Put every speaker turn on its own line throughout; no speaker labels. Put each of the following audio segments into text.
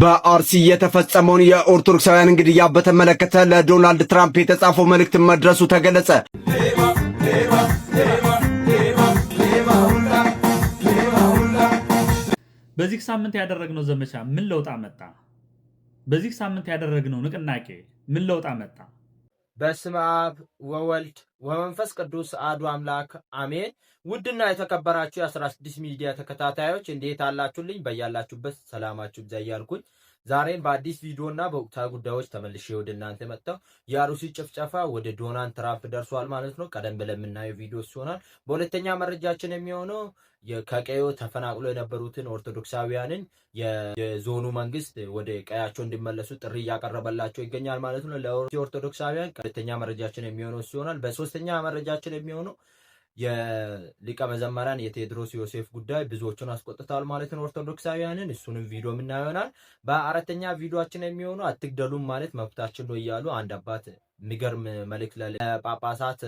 በአርሲ የተፈጸመውን የኦርቶዶክሳውያን እንግድያ በተመለከተ ለዶናልድ ትራምፕ የተጻፈው መልእክት መድረሱ ተገለጸ።
በዚህ ሳምንት ያደረግነው ዘመቻ ምን ለውጥ አመጣ? በዚህ ሳምንት ያደረግነው ንቅናቄ ምን ለውጥ አመጣ?
በስመ አብ ወወልድ ወመንፈስ ቅዱስ አዱ አምላክ አሜን። ውድና የተከበራችሁ የ16 ሚዲያ ተከታታዮች እንዴት አላችሁልኝ? በያላችሁበት ሰላማችሁ ብዛ እያልኩኝ ዛሬን በአዲስ ቪዲዮ እና በወቅታዊ ጉዳዮች ተመልሼ ወደ እናንተ መጥተው የአሩሲ ጭፍጨፋ ወደ ዶናልድ ትራምፕ ደርሷል ማለት ነው። ቀደም ብለን የምናየው ቪዲዮ ሲሆናል። በሁለተኛ መረጃችን የሚሆነው ከቀዮ ተፈናቅሎ የነበሩትን ኦርቶዶክሳውያንን የዞኑ መንግስት ወደ ቀያቸው እንዲመለሱ ጥሪ እያቀረበላቸው ይገኛል ማለት ነው። ለኦርቶዶክሳውያን ሁለተኛ መረጃችን የሚሆነው ሲሆናል። በሶስተኛ መረጃችን የሚሆነው የሊቀ መዘመሪያን የቴዎድሮስ ዮሴፍ ጉዳይ ብዙዎቹን አስቆጥተዋል ማለት ነው ኦርቶዶክሳውያንን። እሱንም ቪዲዮ የምናየው ይሆናል። በአራተኛ ቪዲዮችን የሚሆኑ አትግደሉም ማለት መብታችን ነው እያሉ አንድ አባት የሚገርም መልእክት ለጳጳሳት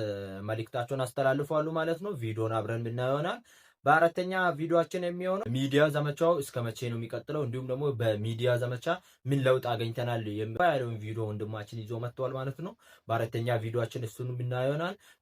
መልእክታቸውን አስተላልፏሉ ማለት ነው። ቪዲዮን አብረን የምናየው ይሆናል። በአራተኛ ቪዲዮችን የሚሆነው ሚዲያ ዘመቻው እስከ መቼ ነው የሚቀጥለው፣ እንዲሁም ደግሞ በሚዲያ ዘመቻ ምን ለውጥ አገኝተናል የሚባለውን ቪዲዮ ወንድማችን ይዞ መጥተዋል ማለት ነው። በአራተኛ ቪዲዮችን እሱን የምናየው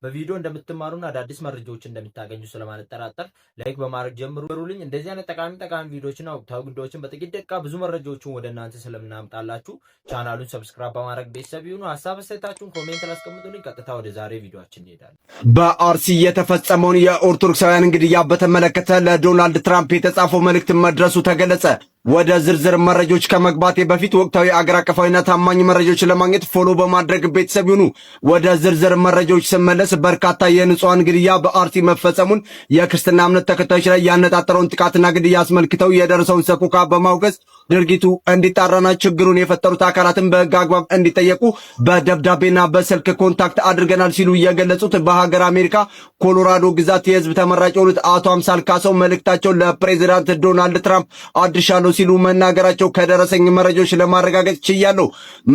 በቪዲዮ እንደምትማሩና አዳዲስ መረጃዎች እንደምታገኙ ስለማልጠራጠር ላይክ በማድረግ ጀምሩልኝ። እንደዚህ አይነት ጠቃሚ ጠቃሚ ቪዲዮዎችና ወቅታዊ ጉዳዮችን በጥቂት ደቂቃ ብዙ መረጃዎችን ወደ እናንተ ስለምናምጣላችሁ ቻናሉን ሰብስክራይብ በማድረግ ቤተሰብ ይሁኑ። ሀሳብ አስተያየታችሁን ኮሜንት ላስቀምጡልኝ። ቀጥታ ወደ ዛሬ ቪዲዮችን እንሄዳለን።
በአርሲ የተፈጸመውን የኦርቶዶክሳውያን እንግዲህ ያበተ በተመለከተ ለዶናልድ ትራምፕ የተጻፈው መልእክት መድረሱ ተገለጸ። ወደ ዝርዝር መረጃዎች ከመግባቴ በፊት ወቅታዊ አገር አቀፋዊና ታማኝ መረጃዎች ለማግኘት ፎሎ በማድረግ ቤተሰብ ይሁኑ። ወደ ዝርዝር መረጃዎች ስመለስ በርካታ የንጹሐን ግድያ በአርሲ መፈጸሙን የክርስትና እምነት ተከታዮች ላይ ያነጣጠረውን ጥቃትና ግድያ አስመልክተው የደረሰውን ሰቆቃ በማውገዝ ድርጊቱ እንዲጣራና ችግሩን የፈጠሩት አካላትን በሕግ አግባብ እንዲጠየቁ በደብዳቤና በስልክ ኮንታክት አድርገናል ሲሉ የገለጹት በሀገር አሜሪካ ኮሎራዶ ግዛት የህዝብ ተመራጭ የሆኑት አቶ አምሳል ካሰው መልእክታቸውን ለፕሬዚዳንት ዶናልድ ትራምፕ አድርሻለሁ ሲሉ መናገራቸው ከደረሰኝ መረጃዎች ለማረጋገጥ ችያለሁ።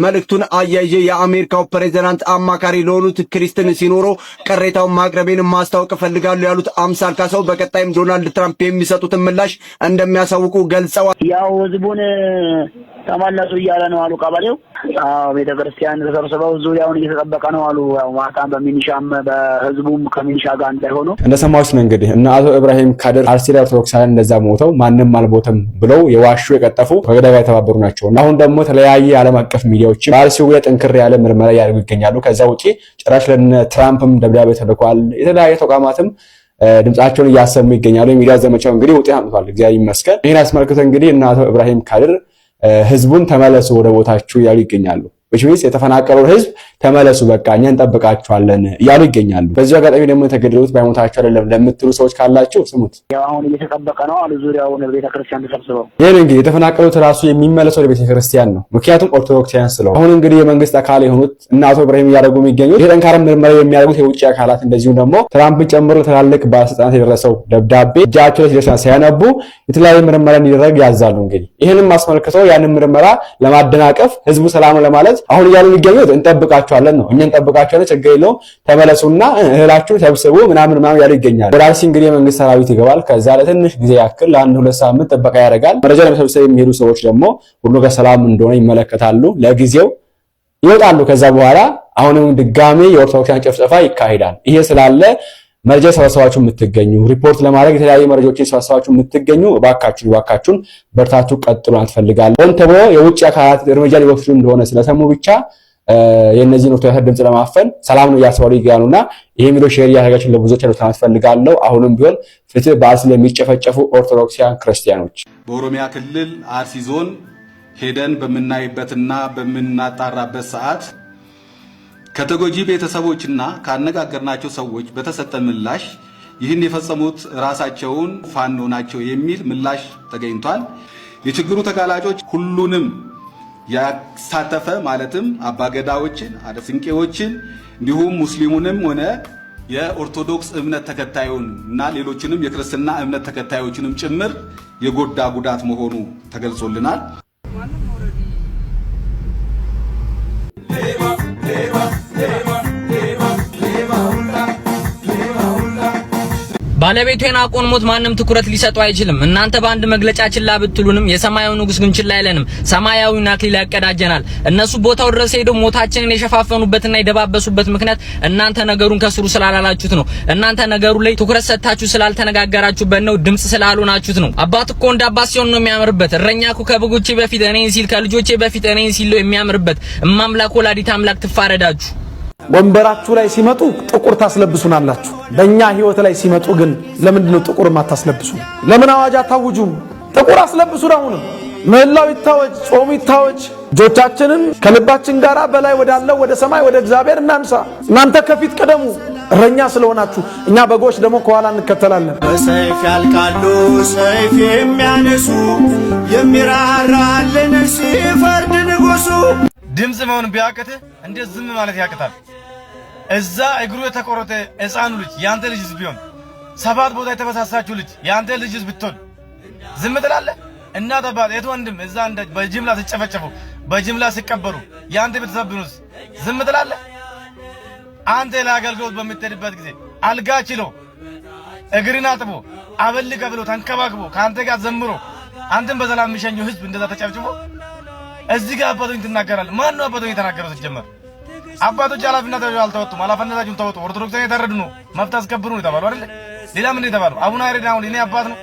መልእክቱን አያይዤ የአሜሪካው ፕሬዚዳንት አማካሪ ለሆኑት ክሪስትን ሲኖሮ ቅሬታውን ማቅረቤን ማስታወቅ እፈልጋለሁ ያሉት አምሳል ካሰው በቀጣይም ዶናልድ ትራምፕ የሚሰጡትን ምላሽ እንደሚያሳውቁ ገልጸዋል።
ያው ህዝቡን ተመለሱ እያለ ነው አሉ ቀበሌው። ቤተ ክርስቲያን ተሰብስበው ዙሪያውን እየተጠበቀ ነው አሉ። ያው ማታም በሚኒሻም በህዝቡም ከሚኒሻ ጋር እንዳይሆኑ እንደሰማዎች ነው እንግዲህ እና አቶ ኢብራሂም ካድር አርሲ ላይ ኦርቶዶክሳውያን እንደዛ ሞተው ማንም አልሞተም ብለው የዋሹ የቀጠፉ ከገዳይ ጋር የተባበሩ ናቸው እና አሁን ደግሞ የተለያየ ዓለም አቀፍ ሚዲያዎችም በአርሲው ላይ ጥንክር ያለ ምርመራ እያደርጉ ይገኛሉ። ከዛ ውጪ ጭራሽ ለነ ትራምፕም ደብዳቤ ተልኳል። የተለያየ ተቋማትም ድምፃቸውን እያሰሙ ይገኛሉ። የሚዲያ ዘመቻው እንግዲህ ውጤት አምጥቷል፣ እግዚአብሔር ይመስገን። ይህን አስመልክቶ እንግዲህ እነ አቶ ኢብራሂም ካድር ህዝቡን ተመለሱ ወደ ቦታችሁ እያሉ ይገኛሉ። which means የተፈናቀለው ህዝብ ተመለሱ፣ በቃ እኛ እንጠብቃችኋለን እያሉ ይገኛሉ። በዚሁ አጋጣሚ ደግሞ የተገደሉት ባይሞታቸው አይደለም ለምትሉ ሰዎች ካላችሁ ስሙት። አሁን እየተጠበቀ ነው አሉ ዙሪያውን ቤተክርስቲያን ተሰብስበው። ይህን እንግዲህ የተፈናቀሉት ራሱ የሚመለሰው ለቤተክርስቲያን ነው፣ ምክንያቱም ኦርቶዶክሳውያን ስለሆነ። አሁን እንግዲህ የመንግስት አካል የሆኑት እና አቶ ኢብራሂም እያደረጉ የሚገኙት የጠንካራ ምርመራ የሚያደርጉት የውጭ አካላት እንደዚሁም ደግሞ ትራምፕን ጨምሮ ትላልቅ ባለስልጣናት የደረሰው ደብዳቤ እጃቸው ሲደርስ ሲያነቡ የተለያዩ ምርመራ እንዲደረግ ያዛሉ። እንግዲህ ይህንም አስመልክተው ያንን ምርመራ ለማደናቀፍ ህዝቡ ሰላም ለማለት ማለት አሁን እያሉ የሚገኙት እንጠብቃቸዋለን ነው። እኛ እንጠብቃቸዋለን፣ ችግር የለውም ተመለሱና እህላችሁ ሰብስቡ ምናምን ምናምን ያሉ ይገኛል። ወደ አርሲ እንግዲህ የመንግስት ሰራዊት ይገባል። ከዛ ለትንሽ ጊዜ ያክል ለአንድ ሁለት ሳምንት ጥበቃ ያደርጋል። መረጃ ለመሰብሰብ የሚሄዱ ሰዎች ደግሞ ሁሉ ከሰላም እንደሆነ ይመለከታሉ። ለጊዜው ይወጣሉ። ከዛ በኋላ አሁንም ድጋሜ የኦርቶዶክሳን ጭፍጨፋ ይካሄዳል። ይሄ ስላለ መረጃ የሰበሰባችሁ የምትገኙ ሪፖርት ለማድረግ የተለያዩ መረጃዎችን የሰበሰባችሁ የምትገኙ እባካችሁ እባካችሁን በርታችሁ ቀጥሉ አትፈልጋል ሆን ተብሎ የውጭ አካላት እርምጃ ሊወስዱ እንደሆነ ስለሰሙ ብቻ የእነዚህን ኦርቶዶክስ ድምፅ ለማፈን ሰላም ነው እያስባሉ ይገኛሉ እና ይህ ሚሎ ሼር እያደረጋችሁ ለብዙዎች ሎትናት ፈልጋለሁ። አሁንም ቢሆን ፍትህ በአርሲ ለሚጨፈጨፉ ኦርቶዶክሲያን ክርስቲያኖች በኦሮሚያ ክልል አርሲ ዞን ሄደን በምናይበትና በምናጣራበት ሰዓት ከተጎጂ ቤተሰቦችና ካነጋገርናቸው ሰዎች በተሰጠ ምላሽ ይህን የፈጸሙት ራሳቸውን ፋኖ ናቸው የሚል ምላሽ ተገኝቷል። የችግሩ ተጋላጮች ሁሉንም ያሳተፈ ማለትም አባገዳዎችን፣ አደስንቄዎችን እንዲሁም ሙስሊሙንም ሆነ የኦርቶዶክስ እምነት ተከታዩን እና ሌሎችንም የክርስትና እምነት ተከታዮችንም ጭምር የጎዳ ጉዳት መሆኑ ተገልጾልናል። ባለቤቱ የናቆን ሞት ማንም ትኩረት ሊሰጠው አይችልም። እናንተ በአንድ መግለጫ ችላ ብትሉንም የሰማያዊ ንጉስ ግን ችላ አይለንም። ሰማያዊውን አክሊል ያቀዳጀናል። እነሱ ቦታው ድረስ ሄደው ሞታችንን የሸፋፈኑበትና የደባበሱበት ምክንያት እናንተ ነገሩን ከስሩ ስላላላችሁት ነው። እናንተ ነገሩ ላይ ትኩረት ሰጥታችሁ ስላልተነጋገራችሁበት ነው። ድምጽ ስላልሆናችሁት ነው። አባት እኮ እንደ አባት ሲሆን ነው የሚያምርበት። እረኛ እኮ ከበጎቼ በፊት እኔን ሲል፣ ከልጆቼ በፊት እኔን ሲል የሚያምርበት እማምላክ ወላዲት አምላክ ትፋረዳችሁ። ወንበራችሁ ላይ ሲመጡ ጥቁር ታስለብሱናላችሁ። በእኛ ህይወት ላይ ሲመጡ ግን ለምንድነው ጥቁር ማታስለብሱ? ለምን አዋጅ አታውጁም? ጥቁር አስለብሱን። አሁንም ምህላው ይታወጅ፣ ጾሙ ይታወጅ። እጆቻችንን ከልባችን ጋር በላይ ወዳለው ወደ ሰማይ ወደ እግዚአብሔር እናንሳ። እናንተ ከፊት ቅደሙ እረኛ ስለሆናችሁ፣ እኛ በጎች ደግሞ ከኋላ እንከተላለን። በሰይፍ ያልቃሉ ሰይፍ የሚያነሱ የሚራራልን ሲፈርድ ንጉሱ ድምፅ መሆን ቢያቅትህ እንዴት ዝም ማለት ያቅታል? እዛ እግሩ የተቆረጠ ሕፃኑ ልጅ የአንተ ልጅ ቢሆን ሰባት ቦታ የተበሳሳችሁ ልጅ የአንተ ልጅ ብትሆን ዝም ትላለህ? እናት አባት፣ እህት፣ ወንድም እዛ እንደ በጅምላ ሲጨፈጨፉ በጅምላ ሲቀበሩ የአንተ ቤተሰብንስ ዝም ትላለህ? አንተ ለአገልግሎት በምትሄድበት ጊዜ አልጋ ችሎ እግርን አጥቦ አበል ብሎ ተንከባክቦ ከአንተ ጋር ዘምሮ አንተን በሰላም የሚሸኘው ህዝብ እንደዛ ተጨፍጭፎ እዚህ ጋር አባቶኝ ትናገራለህ። ማን ነው አባቶኝ የተናገረው ሲጀመር? አባቶች ኃላፊነታቸው አልተወጡም። ኃላፊነታቸውን ተወጡ። ኦርቶዶክሳን የታረዱ ነው፣ መብት አስከብሩ ነው የተባሉ አይደል? ሌላ ምን የተባሉ? አቡነ ያሬድ አሁን እኔ አባት ነው።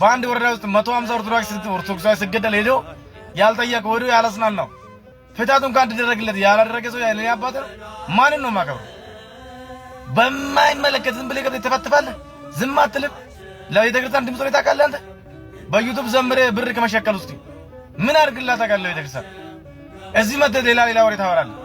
በአንድ ወረዳ ውስጥ መቶ ሀምሳ ኦርቶዶክስ ኦርቶዶክሳዊ ሲገደል ሄዶ ያልጠየቀ ወዶ ነው ፍታት እንኳን እንዲደረግለት ያላደረገ ሰው እኔ አባት ነው። ማንን ነው የማከብረው? በማይመለከት ዝም ብለህ ገብተህ ትፈትፋለህ። ዝም አትልም። ለቤተ ክርስቲያን ድምፅ ነው ታውቃለህ አንተ። በዩቱብ ዘምሬ ብር ከመሸከል ውስጥ ምን አድርግላት ታውቃለህ? ቤተ ክርስቲያን እዚህ መተህ ሌላ ሌላ ወሬ ታወራለህ።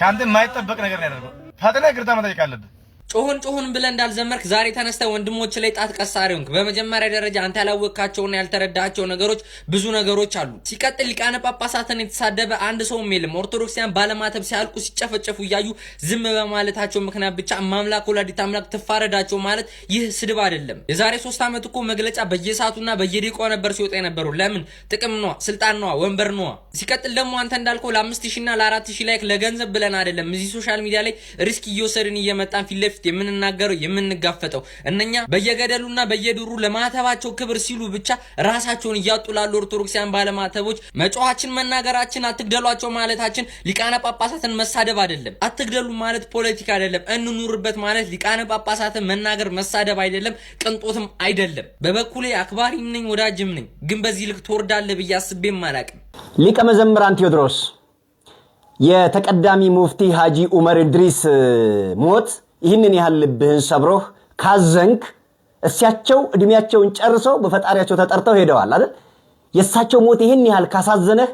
ከአንተ የማይጠበቅ ነገር ነው ያደረገው። ፈጥነህ ይቅርታ መጠየቅ አለብህ። ጮሁን ጮሁን ብለ እንዳልዘመርክ ዛሬ ተነስተ ወንድሞች ላይ ጣት ቀሳሪ ሆንክ። በመጀመሪያ ደረጃ አንተ ያላወቅካቸውና ያልተረዳቸው ነገሮች ብዙ ነገሮች አሉ። ሲቀጥል ሊቃነ ጳጳሳትን የተሳደበ አንድ ሰውም የለም። ኦርቶዶክሲያን ባለማተብ ሲያልቁ ሲጨፈጨፉ እያዩ ዝም በማለታቸው ምክንያት ብቻ ማምላክ ወላዲተ አምላክ ትፋረዳቸው ማለት ይህ ስድብ አይደለም። የዛሬ ሶስት ዓመት እኮ መግለጫ በየሰዓቱና በየደቂቃው ነበር ሲወጣ የነበሩ። ለምን ጥቅም ነዋ፣ ስልጣን ነዋ፣ ወንበር ነዋ። ሲቀጥል ደግሞ አንተ እንዳልከው ለአምስት ሺና ለአራት ሺ ላይክ ለገንዘብ ብለን አይደለም እዚህ ሶሻል ሚዲያ ላይ ሪስክ እየወሰድን እየመጣን ፊት ለፊት በፊት የምንናገረው የምንጋፈጠው እነኛ በየገደሉና በየዱሩ ለማተባቸው ክብር ሲሉ ብቻ ራሳቸውን እያጡ ላሉ ኦርቶዶክሲያን ባለማተቦች መጮኋችን፣ መናገራችን፣ አትግደሏቸው ማለታችን ሊቃነ ጳጳሳትን መሳደብ አይደለም። አትግደሉ ማለት ፖለቲካ አይደለም። እንኑርበት ማለት ሊቃነ ጳጳሳትን መናገር መሳደብ አይደለም፣ ቅንጦትም አይደለም። በበኩሌ አክባሪም ነኝ፣ ወዳጅም ነኝ። ግን በዚህ ልክ ትወርዳለህ ብዬ አስቤም አላቅም። ሊቀ መዘምራን ቴዎድሮስ የተቀዳሚ ሙፍቲ ሀጂ ኡመር ድሪስ ሞት ይህንን ያህል ልብህን ሰብሮህ ካዘንክ እሳቸው እድሜያቸውን ጨርሰው በፈጣሪያቸው ተጠርተው ሄደዋል አይደል? የእሳቸው ሞት ይህን ያህል ካሳዘነህ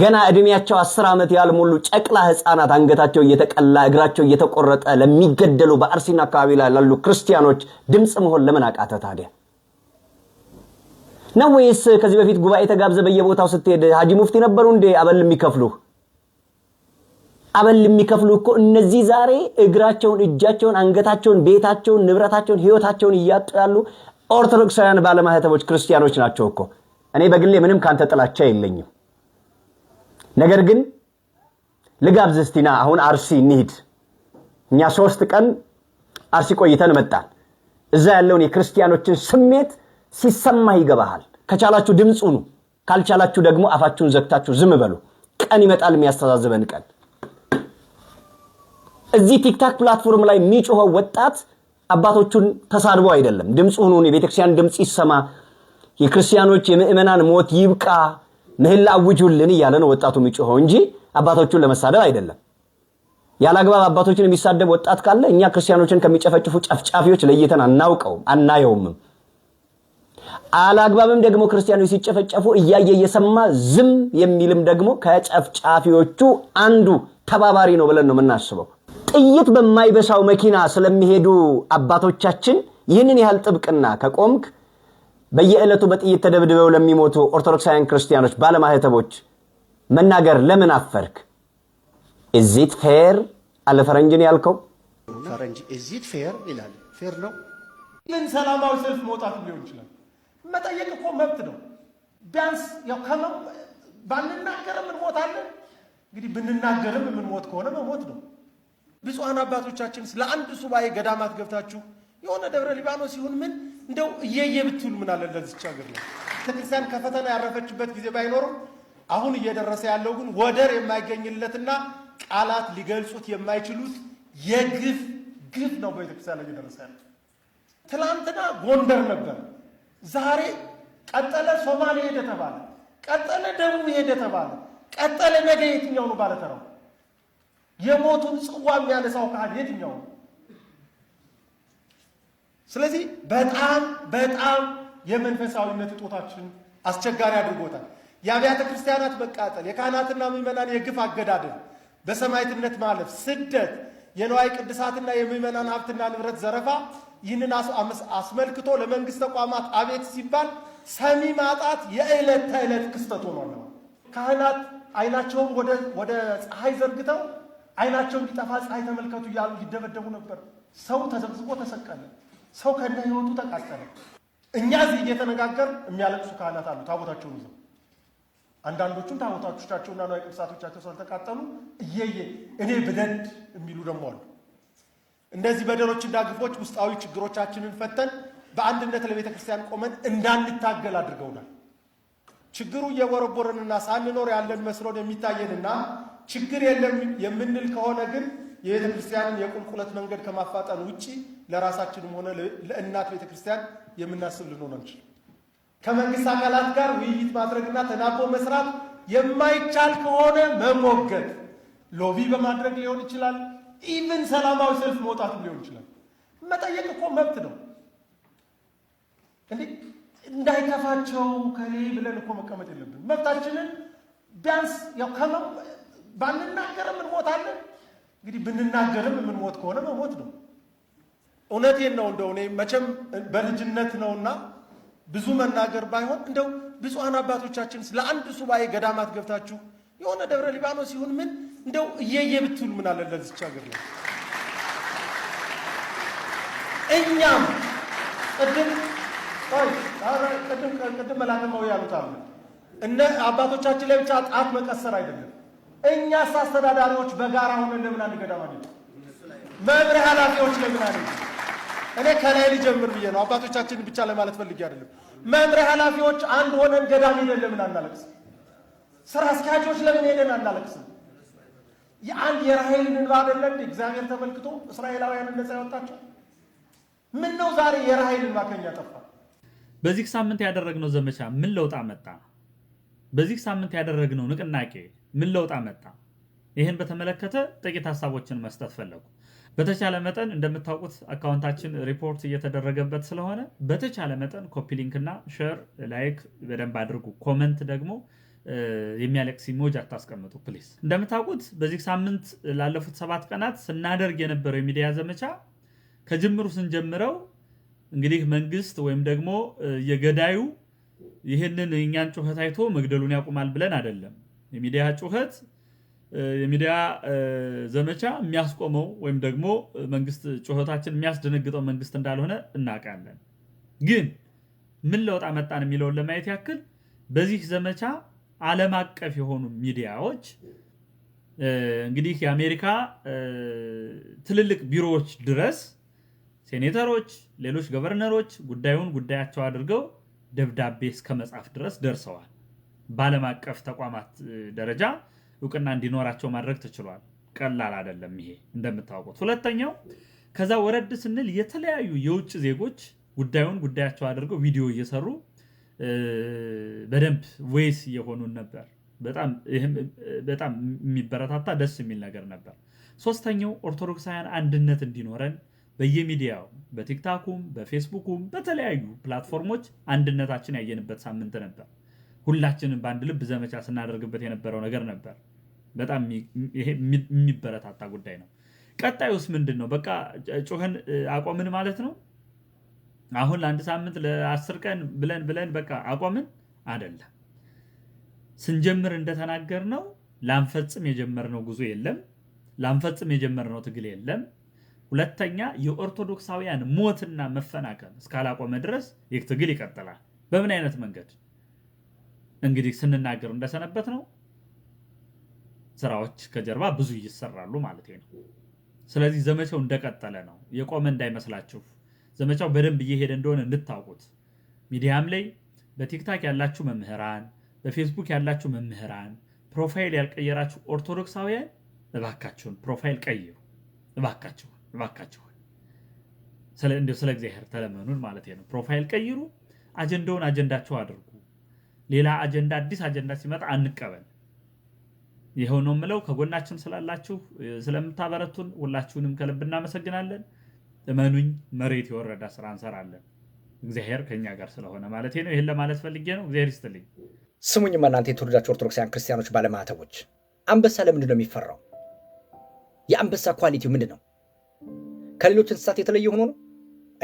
ገና እድሜያቸው አስር ዓመት ያልሞሉ ጨቅላ ህፃናት አንገታቸው እየተቀላ እግራቸው እየተቆረጠ ለሚገደሉ በአርሲና አካባቢ ላይ ላሉ ክርስቲያኖች ድምፅ መሆን ለምን አቃተ ታዲያ? ነው ወይስ ከዚህ በፊት ጉባኤ ተጋብዘ በየቦታው ስትሄድ ሀጂ ሙፍቲ ነበሩ እንዴ አበል የሚከፍሉህ? አበል የሚከፍሉ እኮ እነዚህ ዛሬ እግራቸውን፣ እጃቸውን፣ አንገታቸውን፣ ቤታቸውን፣ ንብረታቸውን፣ ህይወታቸውን እያጡ ያሉ ኦርቶዶክሳውያን ባለማህተቦች ክርስቲያኖች ናቸው እኮ። እኔ በግሌ ምንም ካንተ ጥላቻ የለኝም። ነገር ግን ልጋብዝ እስቲ ና፣ አሁን አርሲ እንሂድ። እኛ ሶስት ቀን አርሲ ቆይተን መጣን። እዛ ያለውን የክርስቲያኖችን ስሜት ሲሰማህ ይገባሃል። ከቻላችሁ ድምፁ ኑ፣ ካልቻላችሁ ደግሞ አፋችሁን ዘግታችሁ ዝም በሉ። ቀን ይመጣል የሚያስተዛዝበን ቀን እዚህ ቲክታክ ፕላትፎርም ላይ የሚጮኸው ወጣት አባቶቹን ተሳድቦ አይደለም። ድምፅ ሁኑ፣ የቤተክርስቲያን ድምፅ ይሰማ፣ የክርስቲያኖች የምእመናን ሞት ይብቃ፣ ምህላ አውጁልን እያለ ነው ወጣቱ የሚጮኸው እንጂ አባቶቹን ለመሳደብ አይደለም። ያለ አግባብ አባቶችን የሚሳደብ ወጣት ካለ እኛ ክርስቲያኖችን ከሚጨፈጭፉ ጨፍጫፊዎች ለይተን አናውቀውም፣ አናየውምም። አላግባብም ደግሞ ክርስቲያኖች ሲጨፈጨፉ እያየ እየሰማ ዝም የሚልም ደግሞ ከጨፍጫፊዎቹ አንዱ ተባባሪ ነው ብለን ነው የምናስበው። ጥይት በማይበሳው መኪና ስለሚሄዱ አባቶቻችን ይህንን ያህል ጥብቅና ከቆምክ በየዕለቱ በጥይት ተደብድበው ለሚሞቱ ኦርቶዶክሳውያን ክርስቲያኖች ባለማህተቦች መናገር ለምን አፈርክ? እዚት ፌር አለ ፈረንጅን ያልከው ፈረንጅ እዚት ፌር ይላል። ፌር ነው። ምን ሰላማዊ ሰልፍ መውጣት ሊሆን ይችላል። መጠየቅ እኮ መብት ነው። ቢያንስ ባንናገርም እንሞታለን። እንግዲህ ብንናገርም የምንሞት ከሆነ መሞት ነው። ብፁዓን አባቶቻችን ለአንድ ሱባኤ ገዳማት ገብታችሁ የሆነ ደብረ ሊባኖስ ሲሆን ምን እንደው እየየ ብትሉ ምን አለ ለዚች ሀገር ነው። ቤተክርስቲያን ከፈተና ያረፈችበት ጊዜ ባይኖርም አሁን እየደረሰ ያለው ግን ወደር የማይገኝለትና ቃላት ሊገልጹት የማይችሉት የግፍ ግፍ ነው በቤተክርስቲያን ላይ እየደረሰ ያለ ትላንትና ጎንደር ነበር፣ ዛሬ ቀጠለ ሶማሌ ሄደ ተባለ፣ ቀጠለ ደቡብ ሄደ ተባለ፣ ቀጠለ ነገ የትኛው ነው ባለተራው የሞቱን ጽዋ የሚያነሳው ካህን የትኛው ነው? ስለዚህ በጣም በጣም የመንፈሳዊነት እጦታችን አስቸጋሪ አድርጎታል። የአብያተ ክርስቲያናት መቃጠል፣ የካህናትና ምዕመናን የግፍ አገዳደል፣ በሰማዕትነት ማለፍ፣ ስደት፣ የንዋይ ቅድሳትና የምዕመናን ሀብትና ንብረት ዘረፋ፣ ይህንን አስመልክቶ ለመንግስት ተቋማት አቤት ሲባል ሰሚ ማጣት የዕለት ተዕለት ክስተት ሆኗል። ካህናት አይናቸውም ወደ ፀሐይ ዘርግተው አይናቸው እንዲጠፋ ፀሐይ ተመልከቱ እያሉ ይደበደቡ ነበር። ሰው ተዘብዝቦ ተሰቀለ። ሰው ከነ ህይወቱ ተቃጠለ። እኛ እዚህ እየተነጋገር የሚያለቅሱ ካህናት አሉ ታቦታቸውን ይዘው አንዳንዶቹም ታቦታቶቻቸውና ንዋየ ቅድሳቶቻቸው ስላልተቃጠሉ እየየ እኔ ብደድ የሚሉ ደግሞ አሉ። እንደዚህ በደሎችና ግፎች ውስጣዊ ችግሮቻችንን ፈተን በአንድነት ለቤተ ክርስቲያን ቆመን እንዳንታገል አድርገውናል። ችግሩ እየቦረቦረንና ሳንኖር ያለን መስሎን የሚታየንና ችግር የለም የምንል ከሆነ ግን የቤተ ክርስቲያንን የቁልቁለት መንገድ ከማፋጠን ውጪ ለራሳችንም ሆነ ለእናት ቤተ ክርስቲያን የምናስብ ልንሆን አንችልም። ከመንግስት አካላት ጋር ውይይት ማድረግና ተናቦ መስራት የማይቻል ከሆነ መሞገት፣ ሎቢ በማድረግ ሊሆን ይችላል። ኢቭን ሰላማዊ ሰልፍ መውጣትም ሊሆን ይችላል። መጠየቅ እኮ መብት ነው። እንዴ እንዳይከፋቸው ከሌ ብለን እኮ መቀመጥ የለብን። መብታችንን ቢያንስ ባንናገርም እንሞታለን። እንግዲህ ብንናገርም የምንሞት ከሆነ መሞት ነው። እውነቴን ነው። እንደው እኔ መቼም በልጅነት ነውና ብዙ መናገር ባይሆን እንደው ብፁዓን አባቶቻችን ስለ አንድ ሱባኤ ገዳማት ገብታችሁ የሆነ ደብረ ሊባኖስ ይሁን ምን እንደው እየየ ብትሉ ምን አለ ለዚች ሀገር ነው። እኛም ቅድም ቅድም መላከማዊ ያሉት አሉ እነ አባቶቻችን ላይ ብቻ ጣት መቀሰር አይደለም እኛስ አስተዳዳሪዎች በጋራ ሆነን ለምን ገዳም አለ መምሪያ ኃላፊዎች ለምን አለ። እኔ ከላይ ልጀምር ብዬ ነው አባቶቻችን ብቻ ለማለት ፈልጌ አይደለም። መምሪያ ኃላፊዎች አንድ ሆነን ገዳም ሄደን ለምን አናለቅስም? ስራ አስኪያጆች ለምን ሄደን አናለቅስም? የአንድ የራሔልን እንባ አይደለ እግዚአብሔር ተመልክቶ እስራኤላውያን ነፃ ያወጣቸው? ምን ነው ዛሬ የራሔል እንባ ከኛ ጠፋ? በዚህ ሳምንት ያደረግነው ዘመቻ ምን ለውጥ አመጣ? በዚህ ሳምንት ያደረግነው ንቅናቄ ምን ለውጥ አመጣ? ይህን በተመለከተ ጥቂት ሀሳቦችን መስጠት ፈለጉ። በተቻለ መጠን እንደምታውቁት አካውንታችን ሪፖርት እየተደረገበት ስለሆነ በተቻለ መጠን ኮፒ ሊንክ እና ሼር ላይክ በደንብ አድርጉ። ኮመንት ደግሞ የሚያለቅስ ኢሞጅ አታስቀምጡ ፕሊስ። እንደምታውቁት በዚህ ሳምንት ላለፉት ሰባት ቀናት ስናደርግ የነበረው የሚዲያ ዘመቻ ከጅምሩ ስንጀምረው እንግዲህ መንግስት ወይም ደግሞ የገዳዩ ይህንን እኛን ጩኸት አይቶ መግደሉን ያቁማል ብለን አይደለም የሚዲያ ጩኸት የሚዲያ ዘመቻ የሚያስቆመው ወይም ደግሞ መንግስት ጩኸታችን የሚያስደነግጠው መንግስት እንዳልሆነ እናውቃለን። ግን ምን ለውጥ አመጣን የሚለውን ለማየት ያክል በዚህ ዘመቻ ዓለም አቀፍ የሆኑ ሚዲያዎች እንግዲህ የአሜሪካ ትልልቅ ቢሮዎች ድረስ ሴኔተሮች፣ ሌሎች ገቨርነሮች ጉዳዩን ጉዳያቸው አድርገው ደብዳቤ እስከ መጻፍ ድረስ ደርሰዋል። በዓለም አቀፍ ተቋማት ደረጃ እውቅና እንዲኖራቸው ማድረግ ተችሏል። ቀላል አይደለም ይሄ እንደምታውቁት። ሁለተኛው ከዛ ወረድ ስንል የተለያዩ የውጭ ዜጎች ጉዳዩን ጉዳያቸው አድርገው ቪዲዮ እየሰሩ በደንብ ወይስ እየሆኑን ነበር። በጣም የሚበረታታ ደስ የሚል ነገር ነበር። ሶስተኛው ኦርቶዶክሳውያን አንድነት እንዲኖረን በየሚዲያው በቲክታኩም፣ በፌስቡኩም፣ በተለያዩ ፕላትፎርሞች አንድነታችን ያየንበት ሳምንት ነበር። ሁላችንም በአንድ ልብ ዘመቻ ስናደርግበት የነበረው ነገር ነበር። በጣም የሚበረታታ ጉዳይ ነው። ቀጣዩስ ምንድን ነው? በቃ ጩኸን አቆምን ማለት ነው። አሁን ለአንድ ሳምንት ለአስር ቀን ብለን ብለን በቃ አቆምን አይደለም። ስንጀምር እንደተናገር ነው ላንፈጽም የጀመርነው ጉዞ የለም። ላንፈጽም የጀመርነው ትግል የለም። ሁለተኛ የኦርቶዶክሳውያን ሞትና መፈናቀል እስካላቆመ ድረስ ይህ ትግል ይቀጥላል። በምን አይነት መንገድ? እንግዲህ ስንናገር እንደሰነበት ነው ስራዎች ከጀርባ ብዙ ይሰራሉ ማለት ነው። ስለዚህ ዘመቻው እንደቀጠለ ነው፣ የቆመ እንዳይመስላችሁ። ዘመቻው በደንብ እየሄደ እንደሆነ እንድታውቁት ሚዲያም ላይ በቲክታክ ያላችሁ መምህራን፣ በፌስቡክ ያላችሁ መምህራን፣ ፕሮፋይል ያልቀየራችሁ ኦርቶዶክሳውያን እባካችሁን ፕሮፋይል ቀይሩ። እባካችሁን እባካችሁን ስለ እግዚአብሔር ተለመኑን ማለት ነው። ፕሮፋይል ቀይሩ። አጀንዳውን አጀንዳችሁ አድርጉ። ሌላ አጀንዳ አዲስ አጀንዳ ሲመጣ አንቀበል። ይኸው ነው የምለው። ከጎናችን ስላላችሁ ስለምታበረቱን ሁላችሁንም ከልብ እናመሰግናለን። እመኑኝ መሬት የወረዳ ስራ እንሰራለን። እግዚአብሔር ከኛ ጋር ስለሆነ ማለት ነው። ይህን ለማለት ፈልጌ ነው። እግዚአብሔር ይስጥልኝ። ስሙኝ እናንተ የተወደዳችሁ ኦርቶዶክሳውያን ክርስቲያኖች፣ ባለማዕተቦች አንበሳ ለምንድን ነው የሚፈራው? የአንበሳ ኳሊቲው ምንድን ነው? ከሌሎች እንስሳት የተለየ ሆኖ ነው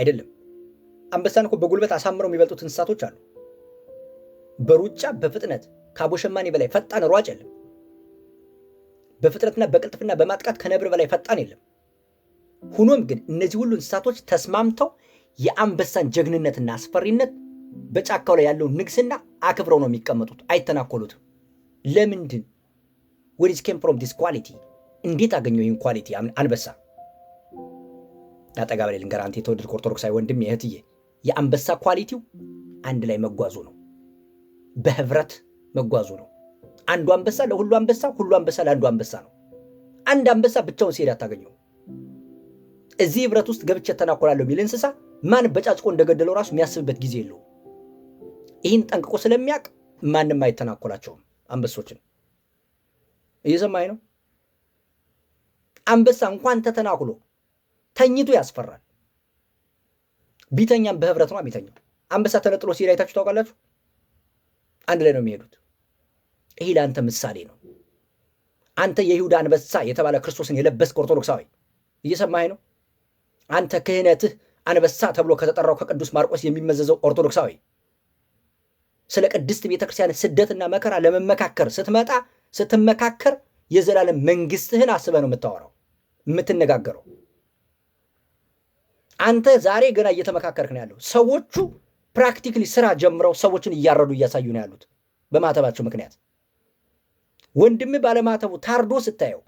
አይደለም። አንበሳን እኮ በጉልበት አሳምረው የሚበልጡት እንስሳቶች አሉ። በሩጫ በፍጥነት ሸማኔ በላይ ፈጣን ሯጭ የለም። በፍጥነትና በቅልጥፍና በማጥቃት ከነብር በላይ ፈጣን የለም። ሁኖም ግን እነዚህ ሁሉ እንስሳቶች ተስማምተው የአንበሳን ጀግንነትና አስፈሪነት በጫካው ላይ ያለውን ንግስና አክብረው ነው የሚቀመጡት፣ አይተናኮሉትም። ለምንድን ወዲስ ኬም ፍሮም ዲስ ኳሊቲ እንዴት አገኘው ይህን ኳሊቲ አንበሳ? አጠጋ በላይ ኦርቶዶክሳዊ ወንድም የእህትዬ የአንበሳ ኳሊቲው አንድ ላይ መጓዙ ነው። በህብረት መጓዙ ነው። አንዱ አንበሳ ለሁሉ አንበሳ፣ ሁሉ አንበሳ ለአንዱ አንበሳ ነው። አንድ አንበሳ ብቻውን ሲሄድ አታገኘው። እዚህ ህብረት ውስጥ ገብቼ ተናኮላለሁ የሚል እንስሳ ማን በጫጭቆ እንደገደለው ራሱ የሚያስብበት ጊዜ የለው። ይህን ጠንቅቆ ስለሚያውቅ ማንም አይተናኮላቸውም አንበሶችን። እየሰማኝ ነው። አንበሳ እንኳን ተተናኩሎ ተኝቶ ያስፈራል። ቢተኛም በህብረት ነው የሚተኛው። አንበሳ ተነጥሎ ሲሄድ አይታችሁ ታውቃላችሁ? አንድ ላይ ነው የሚሄዱት። ይሄ ለአንተ ምሳሌ ነው። አንተ የይሁዳ አንበሳ የተባለ ክርስቶስን የለበስክ ኦርቶዶክሳዊ እየሰማኸኝ ነው? አንተ ክህነትህ አንበሳ ተብሎ ከተጠራው ከቅዱስ ማርቆስ የሚመዘዘው ኦርቶዶክሳዊ ስለ ቅድስት ቤተክርስቲያን ስደትና መከራ ለመመካከር ስትመጣ ስትመካከር የዘላለም መንግስትህን አስበህ ነው የምታወራው የምትነጋገረው። አንተ ዛሬ ገና እየተመካከርክ ነው ያለው ሰዎቹ ፕራክቲክሊ ስራ ጀምረው ሰዎችን እያረዱ እያሳዩ ነው ያሉት በማተባቸው ምክንያት። ወንድም ባለማተቡ ታርዶ ስታየው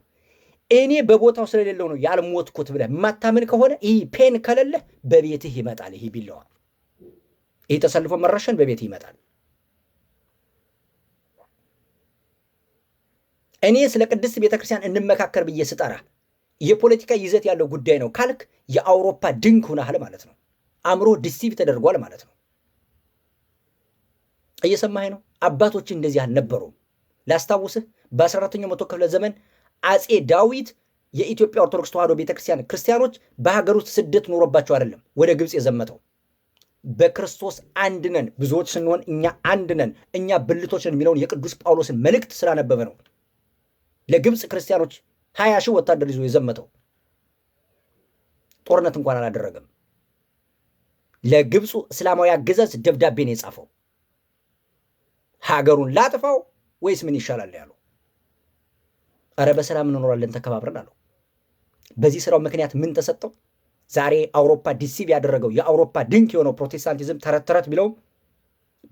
እኔ በቦታው ስለሌለው ነው ያልሞትኩት ብለህ የማታምን ከሆነ ይህ ፔን ከሌለህ በቤትህ ይመጣል። ይህ ቢለዋ ይህ ተሰልፎ መረሸን በቤትህ ይመጣል። እኔ ስለ ቅድስት ቤተክርስቲያን እንመካከር ብዬ ስጠራ የፖለቲካ ይዘት ያለው ጉዳይ ነው ካልክ የአውሮፓ ድንክ ሁናህል ማለት ነው። አእምሮ ዲሲቭ ተደርጓል ማለት ነው። እየሰማኸኝ ነው? አባቶች እንደዚህ አልነበሩም። ላስታውስህ በ14ኛው መቶ ክፍለ ዘመን አጼ ዳዊት የኢትዮጵያ ኦርቶዶክስ ተዋሕዶ ቤተክርስቲያን ክርስቲያኖች በሀገር ውስጥ ስደት ኖሮባቸው አይደለም ወደ ግብፅ የዘመተው። በክርስቶስ አንድ ነን፣ ብዙዎች ስንሆን እኛ አንድ ነን፣ እኛ ብልቶች ነን የሚለውን የቅዱስ ጳውሎስን መልእክት ስላነበበ ነው ለግብፅ ክርስቲያኖች ሀያ ሺህ ወታደር ይዞ የዘመተው። ጦርነት እንኳን አላደረገም። ለግብፁ እስላማዊ አገዛዝ ደብዳቤን የጻፈው ሀገሩን ላጥፋው ወይስ ምን ይሻላል ያለው፣ እረ በሰላም እንኖራለን ተከባብረን አለው። በዚህ ስራው ምክንያት ምን ተሰጠው? ዛሬ አውሮፓ ዲሲቭ ያደረገው የአውሮፓ ድንክ የሆነው ፕሮቴስታንቲዝም ተረት ተረት ቢለውም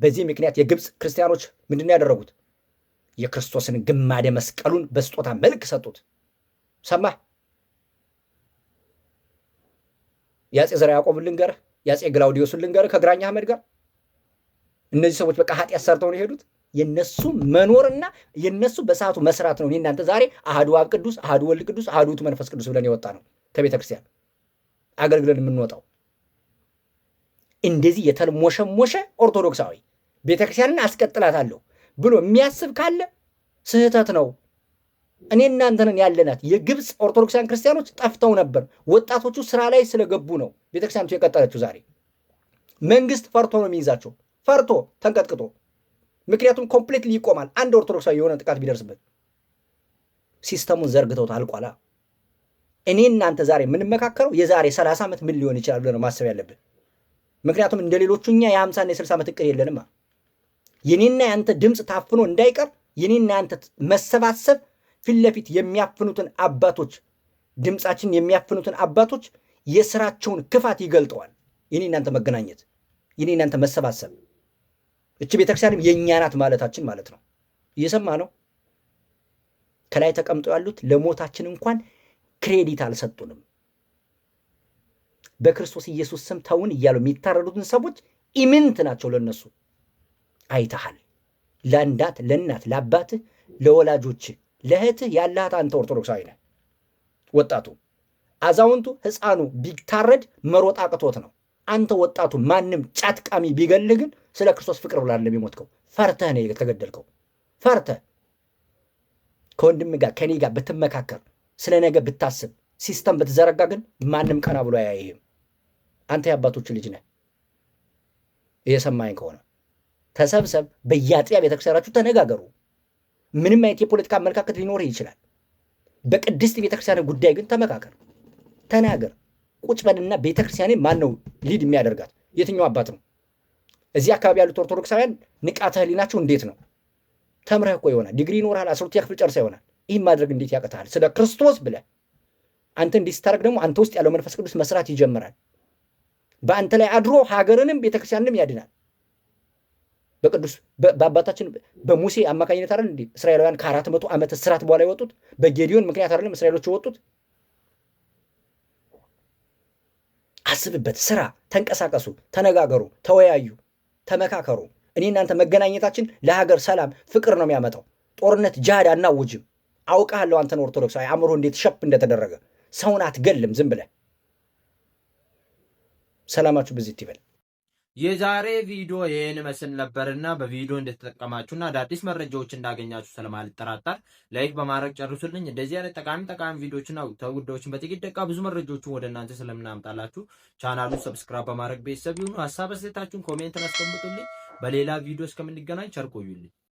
በዚህ ምክንያት የግብፅ ክርስቲያኖች ምንድን ነው ያደረጉት? የክርስቶስን ግማደ መስቀሉን በስጦታ መልክ ሰጡት። ሰማህ? የአፄ ዘርዓ ያዕቆብን ልንገርህ፣ የአፄ ግላውዲዮስን ልንገርህ ከግራኝ አህመድ ጋር እነዚህ ሰዎች በቃ ኃጢአት ሰርተው ነው የሄዱት። የነሱ መኖርና የነሱ በሰዓቱ መስራት ነው። እናንተ ዛሬ አህዱ አብ ቅዱስ፣ አህዱ ወልድ ቅዱስ፣ አህዱ መንፈስ ቅዱስ ብለን የወጣ ነው ከቤተ ክርስቲያን አገልግለን የምንወጣው። እንደዚህ የተልሞሸሞሸ ኦርቶዶክሳዊ ቤተ ክርስቲያንን አስቀጥላታለሁ ብሎ የሚያስብ ካለ ስህተት ነው። እኔ እናንተንን ያለናት የግብፅ ኦርቶዶክሳን ክርስቲያኖች ጠፍተው ነበር። ወጣቶቹ ስራ ላይ ስለገቡ ነው ቤተክርስቲያኒቱ የቀጠለችው። ዛሬ መንግስት ፈርቶ ነው የሚይዛቸው። ፈርቶ ተንቀጥቅጦ። ምክንያቱም ኮምፕሌትሊ ይቆማል። አንድ ኦርቶዶክሳዊ የሆነ ጥቃት ቢደርስበት ሲስተሙን ዘርግተው ታልቋላ። እኔ እናንተ ዛሬ የምንመካከረው የዛሬ 30 ዓመት ምን ሊሆን ይችላል ብለን ማሰብ ያለብን። ምክንያቱም እንደ ሌሎቹ እኛ የ50ና የ60 ዓመት እቅድ የለንማ። የኔና ያንተ ድምፅ ታፍኖ እንዳይቀር የኔና ያንተ መሰባሰብ ፊት ለፊት የሚያፍኑትን አባቶች ድምፃችን የሚያፍኑትን አባቶች የስራቸውን ክፋት ይገልጠዋል። የኔ እናንተ መገናኘት፣ የኔ እናንተ መሰባሰብ እች ቤተክርስቲያንም የእኛ ናት ማለታችን ማለት ነው። እየሰማ ነው። ከላይ ተቀምጠው ያሉት ለሞታችን እንኳን ክሬዲት አልሰጡንም። በክርስቶስ ኢየሱስ ስም ተውን እያሉ የሚታረዱትን ሰዎች ኢምንት ናቸው። ለነሱ አይተሃል። ለአንዳት ለእናት ለአባትህ ለወላጆችህ ለእህትህ ያላት አንተ ኦርቶዶክሳዊ ነህ። ወጣቱ፣ አዛውንቱ፣ ህፃኑ ቢታረድ መሮጥ አቅቶት ነው። አንተ ወጣቱ ማንም ጫትቃሚ ቃሚ ቢገልህ ግን ስለ ክርስቶስ ፍቅር ብላ ለሚሞትከው ፈርተህ ነው የተገደልከው። ፈርተህ ከወንድም ጋር ከኔ ጋር ብትመካከር ስለ ነገ ብታስብ ሲስተም ብትዘረጋ ግን ማንም ቀና ብሎ አያይህም። አንተ የአባቶች ልጅ ነህ። እየሰማኝ ከሆነ ተሰብሰብ፣ በየአጥቢያ ቤተክርስቲያናችሁ ተነጋገሩ። ምንም አይነት የፖለቲካ አመለካከት ሊኖርህ ይችላል። በቅድስት ቤተክርስቲያን ጉዳይ ግን ተመካከር፣ ተናገር። ቁጭ በልና ቤተክርስቲያኔ ማን ነው ሊድ የሚያደርጋት? የትኛው አባት ነው? እዚህ አካባቢ ያሉት ኦርቶዶክሳውያን ንቃተ ህሊናቸው እንዴት ነው? ተምረህ እኮ ይሆናል፣ ዲግሪ ይኖርሃል፣ አስርተኛ ክፍል ጨርሰ ይሆናል። ይህን ማድረግ እንዴት ያቅትሃል? ስለ ክርስቶስ ብለህ አንተ እንዲህ ስታደርግ ደግሞ አንተ ውስጥ ያለው መንፈስ ቅዱስ መስራት ይጀምራል። በአንተ ላይ አድሮ ሀገርንም ቤተክርስቲያንንም ያድናል። በቅዱስ በአባታችን በሙሴ አማካኝነት አይደል እንዲህ እስራኤላውያን ከአራት መቶ ዓመት እስራት በኋላ የወጡት? በጌዲዮን ምክንያት አይደለም እስራኤሎች የወጡት? አስብበት። ስራ፣ ተንቀሳቀሱ፣ ተነጋገሩ፣ ተወያዩ። ተመካከሩ። እኔ እናንተ መገናኘታችን ለሀገር ሰላም፣ ፍቅር ነው የሚያመጣው። ጦርነት ጃሃድ አናውጅም። አውቃለሁ አንተን ኦርቶዶክሳዊ አእምሮ እንዴት ሸፕ እንደተደረገ ሰውን አትገልም ዝም ብለህ። ሰላማችሁ ብዚት ይበል። የዛሬ ቪዲዮ ይህን መስል ነበርና በቪዲዮ እንደተጠቀማችሁና አዳዲስ መረጃዎች እንዳገኛችሁ ስለማልጠራጠር ላይክ በማድረግ ጨርሱልኝ። እንደዚህ አይነት ጠቃሚ ጠቃሚ ቪዲዮዎችና ወቅታዊ ጉዳዮችን በጥቂት ደቂቃ ብዙ መረጃዎችን ወደ እናንተ ስለምናምጣላችሁ ቻናሉን ሰብስክራይብ በማድረግ ቤተሰብ ይሁኑ። ሀሳብ አስተያየታችሁን ኮሜንት አስቀምጡልኝ። በሌላ ቪዲዮ እስከምንገናኝ ቸር ቆዩልኝ።